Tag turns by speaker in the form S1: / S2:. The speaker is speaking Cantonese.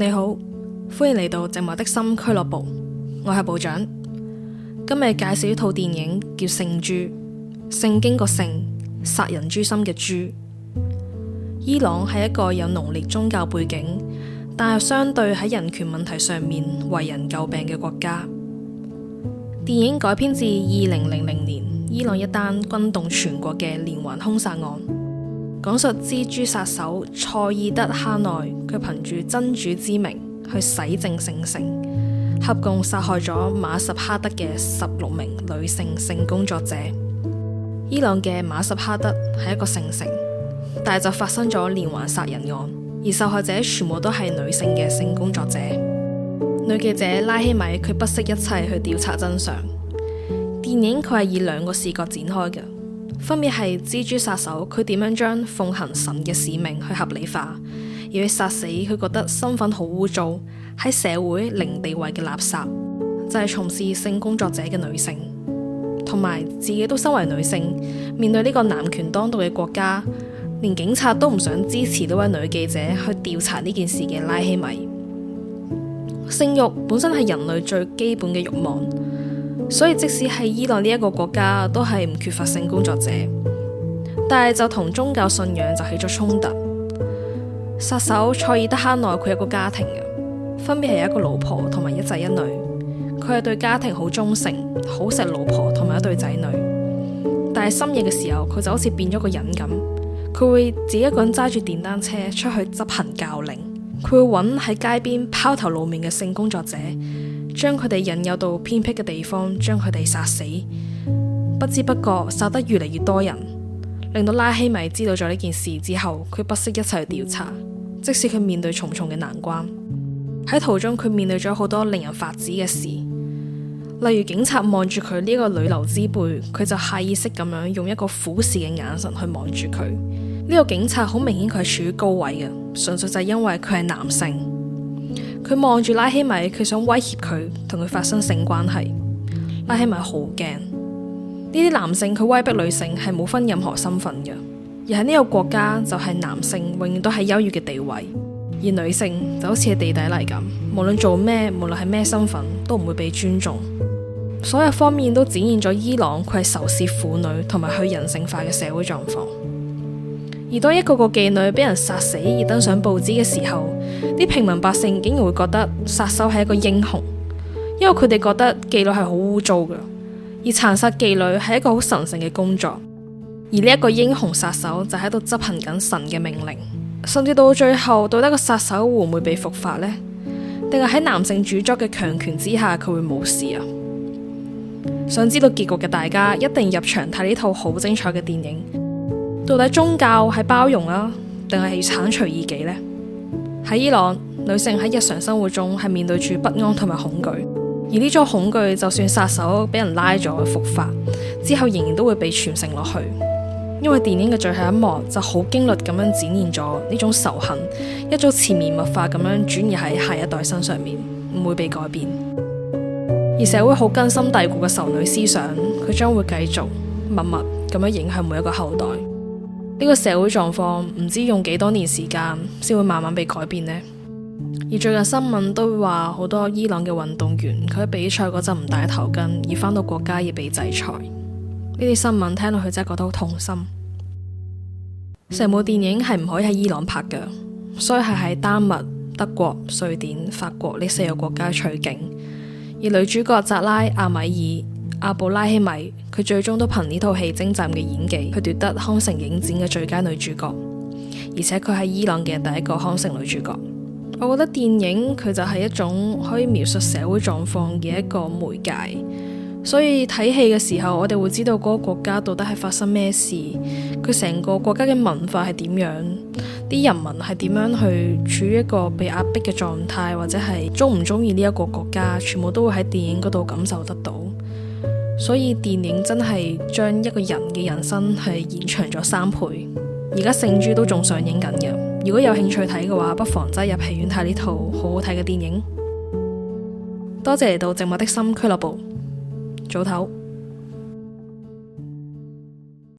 S1: 你好，歡迎嚟到寂寞的心俱樂部，我係部長。今日介紹一套電影叫《聖誅》，聖經個聖，殺人誅心嘅誅。伊朗係一個有濃烈宗教背景，但又相對喺人權問題上面為人詬病嘅國家。電影改編自二零零零年伊朗一單轟動全國嘅連環兇殺案。講述蜘蛛殺手賽義德哈內，佢憑住真主之名去洗淨聖城，合共殺害咗馬什哈德嘅十六名女性性工作者。伊朗嘅馬什哈德係一個聖城，但係就發生咗連環殺人案，而受害者全部都係女性嘅性工作者。女記者拉希米佢不惜一切去調查真相。電影佢係以兩個視角展開嘅。分別係蜘蛛殺手，佢點樣將奉行神嘅使命去合理化，而佢殺死佢覺得身份好污糟喺社會零地位嘅垃圾，就係、是、從事性工作者嘅女性，同埋自己都身為女性，面對呢個男權當道嘅國家，連警察都唔想支持呢位女記者去調查呢件事嘅拉希米。性慾本身係人類最基本嘅慾望。所以即使係伊朗呢一個國家，都係唔缺乏性工作者，但係就同宗教信仰就起咗衝突。殺手塞爾德哈內佢有個家庭嘅，分別係有一個老婆同埋一仔一女，佢係對家庭好忠誠，好錫老婆同埋一對仔女。但係深夜嘅時候，佢就好似變咗個人咁，佢會自己一個人揸住電單車出去執行教令，佢會揾喺街邊拋頭露面嘅性工作者。將佢哋引誘到偏僻嘅地方，將佢哋殺死，不知不覺殺得越嚟越多人，令到拉希米知道咗呢件事之後，佢不惜一切去調查，即使佢面對重重嘅難關。喺途中，佢面對咗好多令人髮指嘅事，例如警察望住佢呢個女流之輩，佢就下意識咁樣用一個俯視嘅眼神去望住佢。呢個警察好明顯佢係處於高位嘅，純粹就係因為佢係男性。佢望住拉希米，佢想威脅佢同佢發生性關係。拉希米好驚。呢啲男性佢威逼女性係冇分任何身份嘅，而喺呢個國家就係、是、男性永遠都係優越嘅地位，而女性就好似係地底嚟咁，無論做咩，無論係咩身份都唔會被尊重。所有方面都展現咗伊朗佢係仇視婦女同埋去人性化嘅社會狀況。而當一個個妓女俾人殺死而登上報紙嘅時候，啲平民百姓竟然會覺得殺手係一個英雄，因為佢哋覺得妓女係好污糟㗎，而殘殺妓女係一個好神聖嘅工作，而呢一個英雄殺手就喺度執行緊神嘅命令。甚至到最後，到底個殺手會唔會被伏法呢？定係喺男性主作嘅強權之下，佢會冇事啊？想知道結局嘅大家，一定入場睇呢套好精彩嘅電影。到底宗教係包容啦、啊，定係鏟除異己呢？喺伊朗，女性喺日常生活中係面對住不安同埋恐懼。而呢種恐懼，就算殺手俾人拉咗伏法之後，仍然都會被傳承落去。因為電影嘅最後一幕就好驚慄咁樣展現咗呢種仇恨，一早潛移默化咁樣轉移喺下一代身上面，唔會被改變。而社會好根深蒂固嘅仇女思想，佢將會繼續默默咁樣影響每一個後代。呢個社會狀況唔知用幾多年時間先會慢慢被改變呢。而最近新聞都話好多伊朗嘅運動員，佢喺比賽嗰陣唔戴頭巾而返到國家要被制裁。呢啲新聞聽落去真係覺得好痛心。成、嗯、部電影係唔可以喺伊朗拍嘅，所以係喺丹麥、德國、瑞典、法國呢四個國家取景。而女主角扎拉·阿米爾阿布拉希米，佢最終都憑呢套戲精湛嘅演技，佢奪得康城影展嘅最佳女主角。而且佢係伊朗嘅第一個康城女主角。我覺得電影佢就係一種可以描述社會狀況嘅一個媒介。所以睇戲嘅時候，我哋會知道嗰個國家到底係發生咩事，佢成個國家嘅文化係點樣，啲人民係點樣去處於一個被壓迫嘅狀態，或者係中唔中意呢一個國家，全部都會喺電影嗰度感受得到。所以電影真係將一個人嘅人生係延長咗三倍。而家聖誅都仲上映緊嘅，如果有興趣睇嘅話，不妨即刻入戲院睇呢套好好睇嘅電影。多謝嚟到寂寞的心俱樂部，早唞。